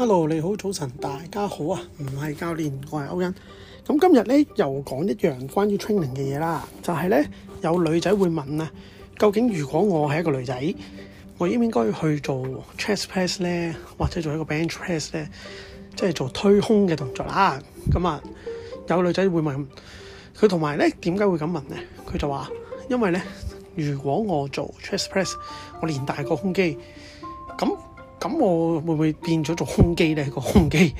Hello，你好，早晨，大家好啊！唔係教練，我係歐欣。咁今日咧，又講一樣關於 training 嘅嘢啦，就係、是、咧，有女仔會問啊，究竟如果我係一個女仔，我應唔應該去做 chest press 咧，或者做一個 bench press 咧，即係做推胸嘅動作啦？咁啊，有女仔會問，佢同埋咧，點解會咁問咧？佢就話，因為咧，如果我做 chest press，我練大個胸肌，咁。咁我會唔會變咗做胸肌咧？個胸肌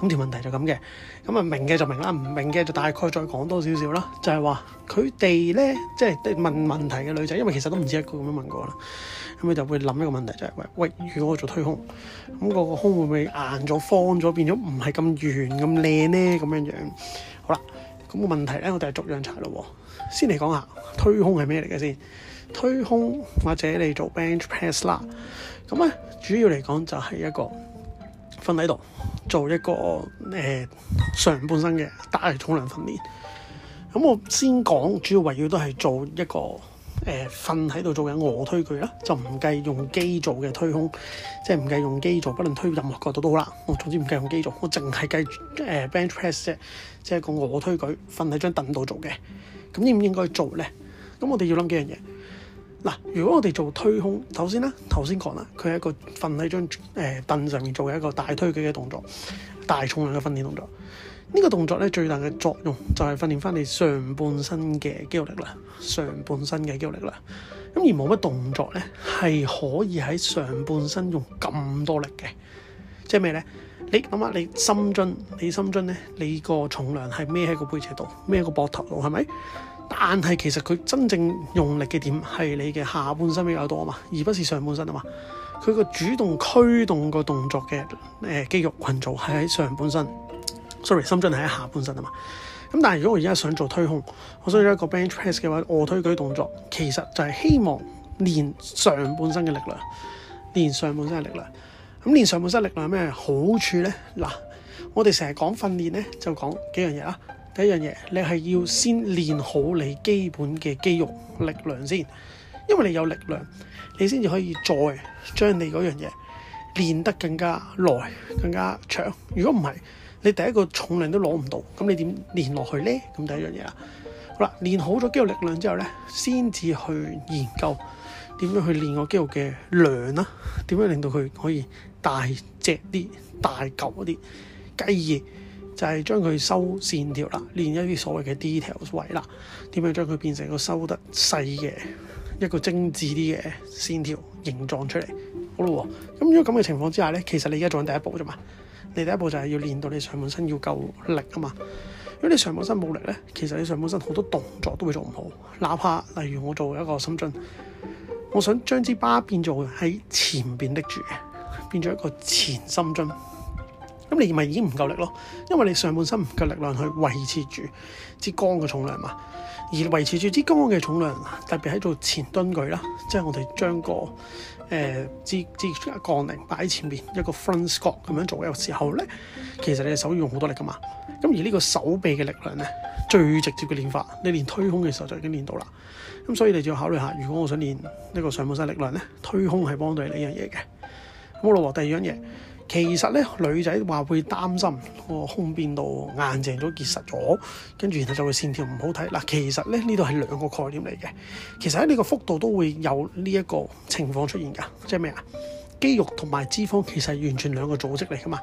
咁條問題就咁嘅，咁啊明嘅就明啦，唔明嘅就大概再講多少少啦。就係話佢哋咧，即係問問題嘅女仔，因為其實都唔止一個咁樣問過啦。咁佢就會諗一個問題，就係喂喂，如果我做推胸，咁個個胸會唔會硬咗、方咗，變咗唔係咁圓、咁靚咧？咁樣樣好啦，咁個問題咧，我哋係逐樣查咯。先嚟講下推胸係咩嚟嘅先。推胸或者你做 bench press 啦，咁咧主要嚟講就係一個瞓喺度做一個誒、呃、上半身嘅大力重量訓練。咁我先講主要圍繞都係做一個誒瞓喺度做緊臥推舉啦，就唔計用機做嘅推胸，即係唔計用機做，不論推任何角度都好啦。我總之唔計用機做，我淨係計誒 bench press 啫，即係個臥推舉瞓喺張凳度做嘅。咁應唔應該做咧？咁我哋要諗幾樣嘢。嗱，如果我哋做推胸，頭先啦，頭先講啦，佢係一個瞓喺張誒凳上面做嘅一個大推舉嘅動作，大重量嘅訓練動作。呢個動作咧，最大嘅作用就係訓練翻你上半身嘅肌，肌肉力量，上半身嘅肌肉力量。咁而冇乜動作咧，係可以喺上半身用咁多力嘅，即係咩咧？你諗下，你深蹲，你深蹲咧，你個重量係孭喺個背脊度，孭個膊頭度，係咪？但係其實佢真正用力嘅點係你嘅下半身比較多啊嘛，而不是上半身啊嘛。佢個主動驅動個動作嘅誒、呃、肌肉群組係喺上半身，sorry，深蹲係喺下半身啊嘛。咁但係如果我而家想做推胸，我需要一個 bench press 嘅話，臥推舉動，動作其實就係希望練上半身嘅力量，練上半身嘅力量。咁練上半身嘅力量係咩好處咧？嗱，我哋成日講訓練咧，就講幾樣嘢啦。第一樣嘢，你係要先練好你基本嘅肌肉力量先，因為你有力量，你先至可以再將你嗰樣嘢練得更加耐、更加長。如果唔係，你第一個重量都攞唔到，咁你點練落去呢？咁第一樣嘢啦。好啦，練好咗肌肉力量之後呢，先至去研究點樣去練個肌肉嘅量啦，點樣令到佢可以大隻啲、大嚿嗰啲繼而，就係、是、將佢收線條啦，練一啲所謂嘅 details 位啦，點樣將佢變成一個收得細嘅一個精緻啲嘅線條形狀出嚟，好咯。咁如果咁嘅情況之下呢，其實你而家做緊第一步啫嘛。你第一步就係要練到你上半身要夠力啊嘛。如果你上半身冇力呢，其實你上半身好多動作都會做唔好。哪怕例如我做一個深蹲，我想將支巴變做喺前面拎住，變咗一個前深蹲。咁你咪已經唔夠力咯，因為你上半身唔夠力量去維持住支桿嘅重量嘛，而維持住支桿嘅重量，特別喺做前蹲舉啦，即係我哋將個誒支支槓鈴擺喺前面一個 front squat 咁樣做嘅時候咧，其實你隻手要用好多力噶嘛。咁而呢個手臂嘅力量咧，最直接嘅練法，你練推胸嘅時候就已經練到啦。咁所以你就要考慮下，如果我想練呢個上半身嘅力量咧，推胸係幫到你呢樣嘢嘅。咁啦，第二樣嘢。其實咧，女仔話會擔心個胸變到硬淨咗，結實咗，跟住然後就會線條唔好睇。嗱，其實咧呢度係兩個概念嚟嘅。其實喺呢個幅度都會有呢一個情況出現㗎，即係咩啊？肌肉同埋脂肪其實係完全兩個組織嚟㗎嘛。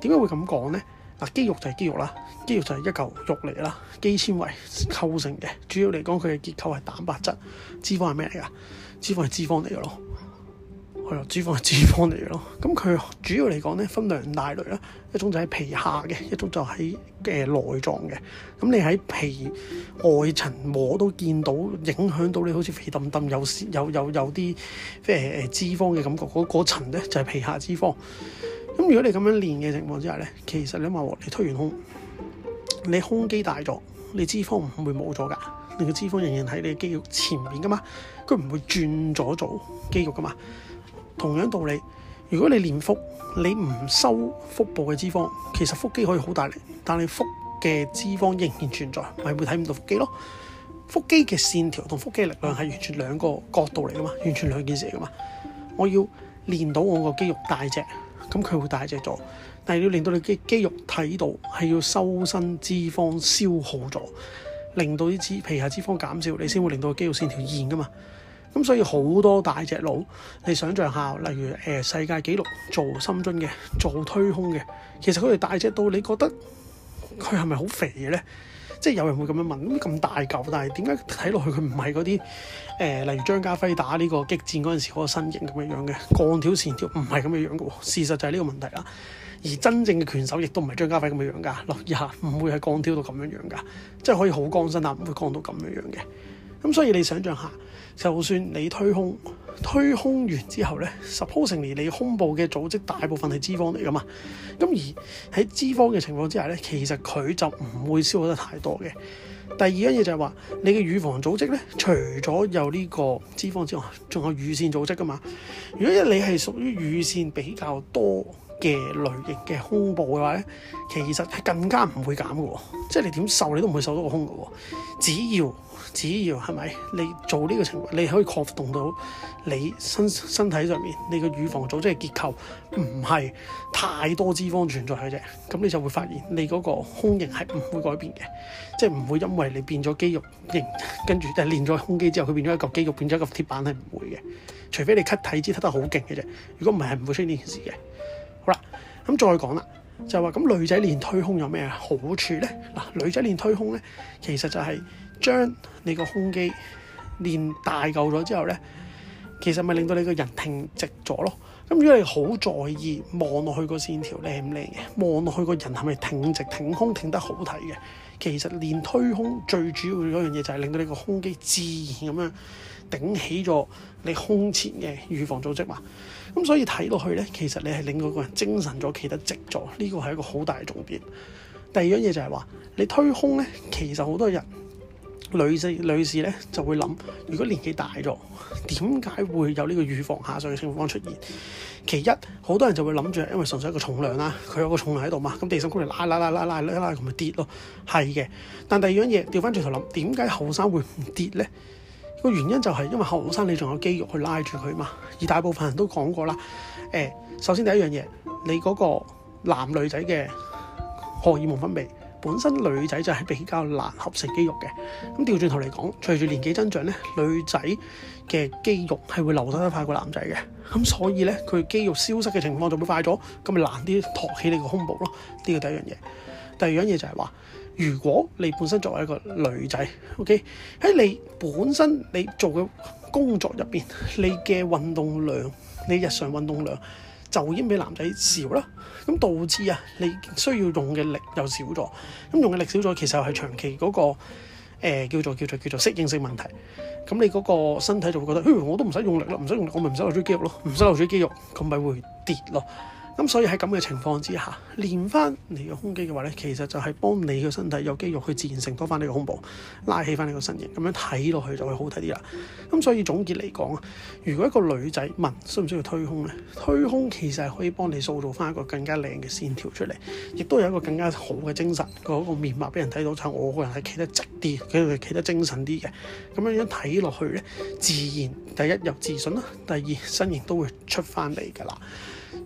點解會咁講呢？嗱，肌肉就係肌肉啦，肌肉就係一嚿肉嚟啦，肌纖維構成嘅，主要嚟講佢嘅結構係蛋白質，脂肪係咩嚟㗎？脂肪係脂肪嚟㗎咯。係咯，脂肪係脂肪嚟嘅咯。咁佢主要嚟講咧，分兩大類啦。一種就喺皮下嘅，一種就喺嘅內臟嘅。咁你喺皮外層摸都見到影響到你，好似肥揼揼，有有有啲即係脂肪嘅感覺。嗰層咧就係、是、皮下脂肪。咁如果你咁樣練嘅情況之下咧，其實你話你推完胸，你胸肌大咗，你脂肪唔會冇咗㗎。你嘅脂肪仍然喺你嘅肌肉前面㗎嘛，佢唔會轉咗做肌肉㗎嘛。同樣道理，如果你練腹，你唔收腹部嘅脂肪，其實腹肌可以好大力，但你腹嘅脂肪仍然存在，咪會睇唔到腹肌咯。腹肌嘅線條同腹肌嘅力量係完全兩個角度嚟㗎嘛，完全兩件事嚟㗎嘛。我要練到我個肌肉大隻，咁佢會大隻咗，但係要令到你嘅肌肉睇到係要收身脂肪消耗咗，令到啲脂皮下脂肪減少，你先會令到個肌肉線條現㗎嘛。咁、嗯、所以好多大隻佬，你想像下，例如誒、呃、世界紀錄做深蹲嘅，做推胸嘅，其實佢哋大隻到，你覺得佢係咪好肥嘅咧？即係有人會咁樣問，咁咁大嚿，但係點解睇落去佢唔係嗰啲誒，例如張家輝打呢個激戰嗰陣時嗰個身形咁樣樣嘅，鋼條線條唔係咁樣樣嘅，事實就係呢個問題啦。而真正嘅拳手亦都唔係張家輝咁嘅樣㗎，落一下唔會係鋼條到咁樣樣㗎，即係可以好乾身下，唔會乾到咁樣樣嘅。咁、嗯、所以你想象下，就算你推胸，推胸完之後呢，Suppose 你胸部嘅組織大部分係脂肪嚟噶嘛。咁而喺脂肪嘅情況之下呢，其實佢就唔會消耗得太多嘅。第二樣嘢就係話，你嘅乳房組織呢，除咗有呢個脂肪之外，仲有乳腺組織噶嘛。如果你係屬於乳腺比較多，嘅類型嘅胸部嘅話，其實係更加唔會減嘅喎。即係你點瘦，你都唔會瘦到個胸嘅喎。只要只要係咪你做呢個程序，你可以活動到你身身體上面你個乳房組織嘅結構，唔係太多脂肪存在嘅啫。咁你就會發現你嗰個胸型係唔會改變嘅，即係唔會因為你變咗肌肉型，跟住誒練咗胸肌之後，佢變咗一個肌肉，變咗一個鐵板係唔會嘅。除非你 cut 體脂 cut 得好勁嘅啫。如果唔係，係唔會出現呢件事嘅。好啦，咁再講啦，就話咁女仔練推胸有咩好處呢？嗱，女仔練推胸呢，其實就係將你個胸肌練大夠咗之後呢。其實咪令到你個人挺直咗咯，咁如果你好在意望落去個線條靚唔靚嘅，望落去個人係咪挺直、挺胸、挺得好睇嘅，其實練推胸最主要嗰樣嘢就係令到你個胸肌自然咁樣頂起咗你胸前嘅預防組織嘛。咁、嗯、所以睇落去呢，其實你係令到個人精神咗、企得直咗。呢、這個係一個好大嘅重點。第二樣嘢就係話，你推胸呢，其實好多人。女性女士咧就會諗，如果年紀大咗，點解會有呢個乳房下垂嘅情況出現？其一，好多人就會諗住，因為純粹一個重量啦，佢有個重量喺度嘛，咁地心引力拉拉拉拉拉拉拉，咁咪跌咯，係嘅。但第二樣嘢，調翻轉頭諗，點解後生會唔跌咧？個原因就係因為後生你仲有肌肉去拉住佢嘛。而大部分人都講過啦，誒、呃，首先第一樣嘢，你嗰個男女仔嘅荷爾蒙分泌。本身女仔就係比較難合成肌肉嘅，咁調轉頭嚟講，隨住年紀增長咧，女仔嘅肌肉係會流失得快過男仔嘅，咁所以咧佢肌肉消失嘅情況就會快咗，咁咪難啲托起你個胸部咯。呢個第一樣嘢。第二樣嘢就係話，如果你本身作為一個女仔，OK，喺你本身你做嘅工作入面，你嘅運動量，你日常運動量。就已經比男仔少啦，咁導致啊你需要用嘅力又少咗，咁用嘅力少咗，其實係長期嗰個，呃，叫做叫做叫做適應性問題。咁你嗰個身體就會覺得，我都唔使用力啦，唔使用力，我唔使留住肌肉咯，唔使留住肌肉，咁咪會跌咯。咁所以喺咁嘅情況之下，練翻你嘅胸肌嘅話咧，其實就係幫你嘅身體有肌肉，去自然承托翻你個胸部拉起翻你個身形，咁樣睇落去就會好睇啲啦。咁所以總結嚟講啊，如果一個女仔問需唔需要推胸咧，推胸其實係可以幫你塑造翻一個更加靚嘅線條出嚟，亦都有一個更加好嘅精神個個面貌俾人睇到。就我個人係企得直啲，佢企得精神啲嘅，咁樣樣睇落去咧，自然第一有自信啦，第二身形都會出翻嚟㗎啦。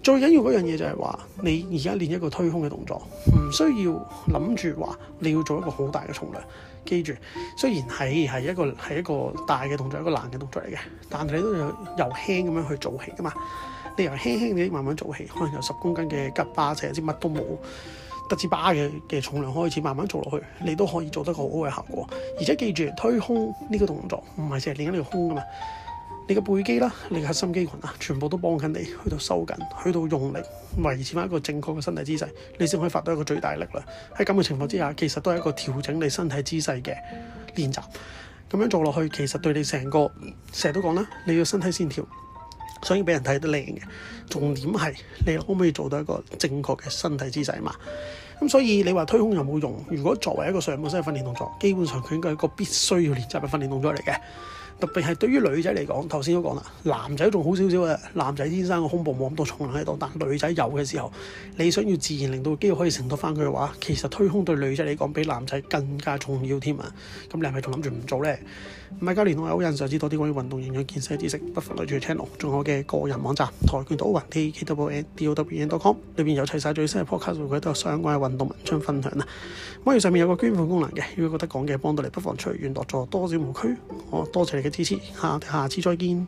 最緊要嗰樣嘢就係話，你而家練一個推胸嘅動作，唔需要諗住話你要做一個好大嘅重量。記住，雖然係係一個係一個大嘅動作，一個難嘅動作嚟嘅，但係你都要由輕咁樣去做起噶嘛。你由輕輕地慢慢做起，可能由十公斤嘅吉巴，成甚至乜都冇，得支巴嘅嘅重量開始慢慢做落去，你都可以做得個好好嘅效果。而且記住，推胸呢個動作唔係凈係練緊你個胸噶嘛。你嘅背肌啦，你嘅核心肌群啊，全部都幫緊你去到收緊，去到用力維持翻一個正確嘅身體姿勢，你先可以發到一個最大力量。喺咁嘅情況之下，其實都係一個調整你身體姿勢嘅練習。咁樣做落去，其實對你成個成日都講啦，你嘅身體線條所以俾人睇得靚嘅，重點係你可唔可以做到一個正確嘅身體姿勢嘛？咁所以你話推胸有冇用？如果作為一個上半身嘅訓練動作，基本上佢應該係一個必須要練習嘅訓練動作嚟嘅。特別係對於女仔嚟講，頭先都講啦，男仔仲好少少嘅，男仔天生個胸部冇咁多重量喺度，但女仔有嘅時候，你想要自然令到肌肉可以承托翻佢嘅話，其實推胸對女仔嚟講比男仔更加重要添啊！咁你係咪仲諗住唔做呢？唔係加練我埋好印上知道多啲關於運動營養健身知識，不妨嚟住 channel，仲有我嘅個人網站跆拳道 Wen taekwondowen.com 裏面有齊晒最新嘅 podcast，佢都有相關嘅運動文章分享啊，網頁上面有個捐款功能嘅，如果覺得講嘅幫到你，不妨隨緣樂助，多少無拘我多謝,謝你嘅支持，下下次再見。